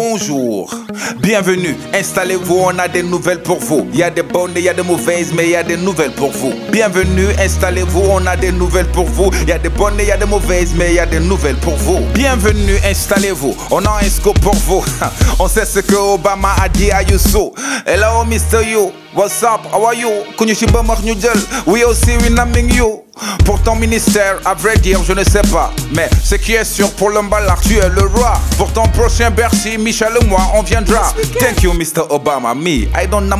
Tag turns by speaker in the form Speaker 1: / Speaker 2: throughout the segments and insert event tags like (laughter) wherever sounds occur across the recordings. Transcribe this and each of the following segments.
Speaker 1: Bonjour, bienvenue. Installez-vous, on a des nouvelles pour vous. Il y a des bonnes et il y a des mauvaises, mais il y a des nouvelles pour vous. Bienvenue, installez-vous, on a des nouvelles pour vous. Il y a des bonnes et il y a des mauvaises, mais il y a des nouvelles pour vous. Bienvenue, installez-vous, on a un scoop pour vous. (laughs) on sait ce que Obama a dit à Youssou. Hello, Mr. You. What's up, how are you Connu Bamar New oui aussi naming you Pour ton ministère, à vrai dire, je ne sais pas Mais ce qui est sûr, pour l'emballage, tu es le roi Pour ton prochain Bercy, Michel et moi, on viendra Thank you Mr. Obama, me, I don't know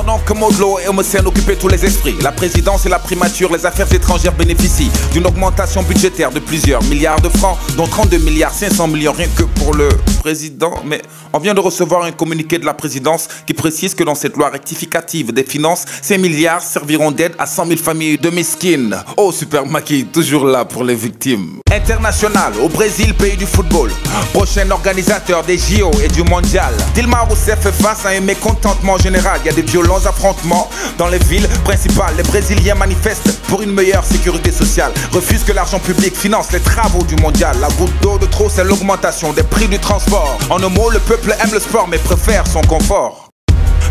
Speaker 1: pendant que Modlo et Homocène occupaient tous les esprits, la présidence et la primature, les affaires étrangères bénéficient d'une augmentation budgétaire de plusieurs milliards de francs, dont 32 milliards 500 millions rien que pour le président. Mais on vient de recevoir un communiqué de la présidence qui précise que dans cette loi rectificative des finances, ces milliards serviront d'aide à 100 000 familles de mesquines. Oh, Super maquis, toujours là pour les victimes. International au Brésil, pays du football. Prochain organisateur des JO et du mondial. Dilma Rousseff fait face à un mécontentement général. Il y a des violents affrontements dans les villes principales. Les Brésiliens manifestent pour une meilleure sécurité sociale. Refusent que l'argent public finance les travaux du mondial. La goutte d'eau de trop, c'est l'augmentation des prix du transport. En un mot, le peuple aime le sport mais préfère son confort.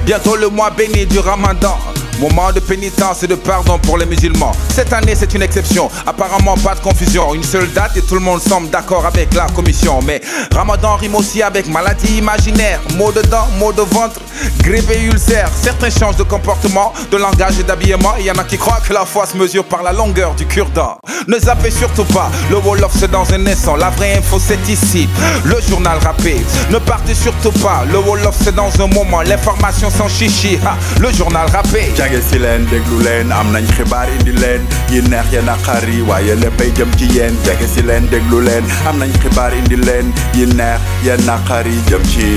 Speaker 1: Bientôt le mois béni du ramadan Moment de pénitence et de pardon pour les musulmans. Cette année, c'est une exception. Apparemment, pas de confusion. Une seule date et tout le monde semble d'accord avec la commission. Mais Ramadan rime aussi avec maladie imaginaire. Maux de dents, maux de ventre, grippe et ulcère. Certains changent de comportement, de langage et d'habillement. Il y en a qui croient que la foi se mesure par la longueur du cure-dent. Ne zappez surtout pas. Le Wolof, c'est dans un instant. La vraie info, c'est ici. Le journal rappé. Ne partez surtout pas. Le Wolof, c'est dans un moment. L'information sans chichi. le journal rappé. bëggee si leen déglu leen am nañ xibaar indi leen yi
Speaker 2: neex ya naqar yi waaye léppay jëm ci yéen jege si leen déglu leen am nañ xibaar indi leen yi neex ya naqar yi jëm ci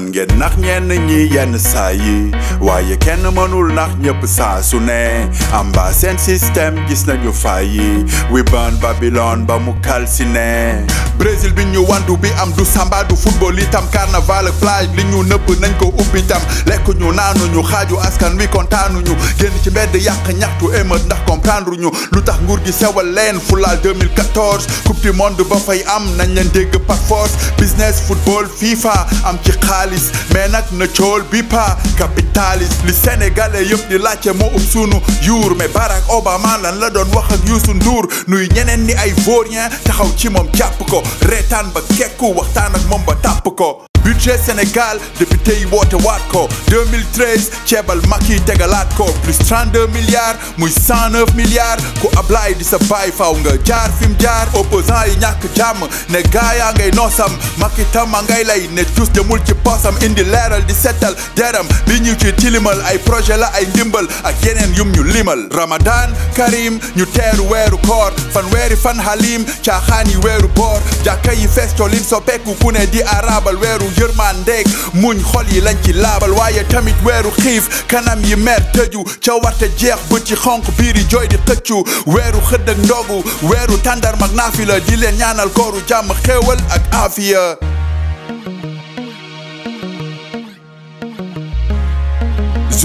Speaker 2: mën ngeen nax ñenn ñi yenn saa yi waaye kenn mënul nax ñëpp saa su ne am ba seen système gis nañu fayi wi ban Babylone ba mu calciné Brésil bi ñu wandu bi am du samba du football itam carnaval ak plage li ñu nëbb nañ ko ubbi tam lekk ñu naanuñu xaaju askan wi kontaanuñu génn ci mbedd yàq ñaxtu émeute ndax comprendre ñu lu tax nguur gi sewal leen fulaal 2014 coupe du monde ba fay am nañ leen dégg par force business football FIFA am ci xaaj xaalis mais nag na cool bi pa capitaliste li sénégalais yëpp di laajte moo ëpp sunu yuur mais Barack Obama lan la doon wax ak Youssou Ndour nuy ñeneen ni ay vaurien xaw ci moom jàpp ko reetaan ba kekku waxtaan ak moom ba tàpp ko budget Sénégal député yi woote waat ko 2013 ceebal Macky tegalaat ko plus 32 milliards muy 109 milliards ku Ablaye di sa baay faw nga jaar fi mu jaar opposant yi ñàkk jàmm ne gaayaa ngay noosam Macky tam a ngay lay ne jus demul ci poosam indi leeral di settal deram li ñu ci tilimal ay projet la ay ndimbal ak yeneen yum ñu limal Ramadan Karim ñu teeru weeru koor fan fan Halim caaxaan yi weeru boor jàkka yi fees colin soppeeku ku ne di arabal weeru yërmandeeg muñ xol yi lañ ci laabal waaye tamit weeru xiif kanam yi mer tëju ca warte jeex bët ci xonk biir yi jooy di xëccu weeru xëdd ak ndogu weeru tàndar mag naafi la di leen ñaanal kooru jàmm xéewal ak aafiya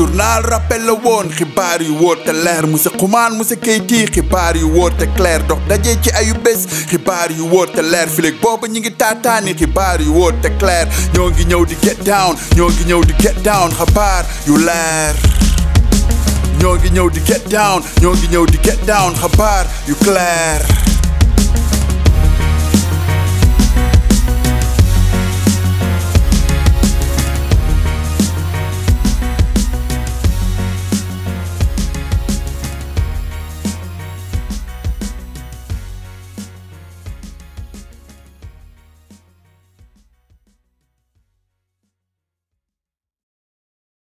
Speaker 2: journal rappel la woon xibaar yu wóor te leer monsieur Xuman monsieur Keyti xibaar yu wóor te clair dox daje ci ayu bés xibaar yu wóor te leer fileeg booba ñi ngi taataani xibaar yu wóor te clair ñoo ñëw di get ngi ñëw di get down xibaar yu leer ñoo ngi ñëw di get down ñoo ngi ñëw di get down xibaar yu clair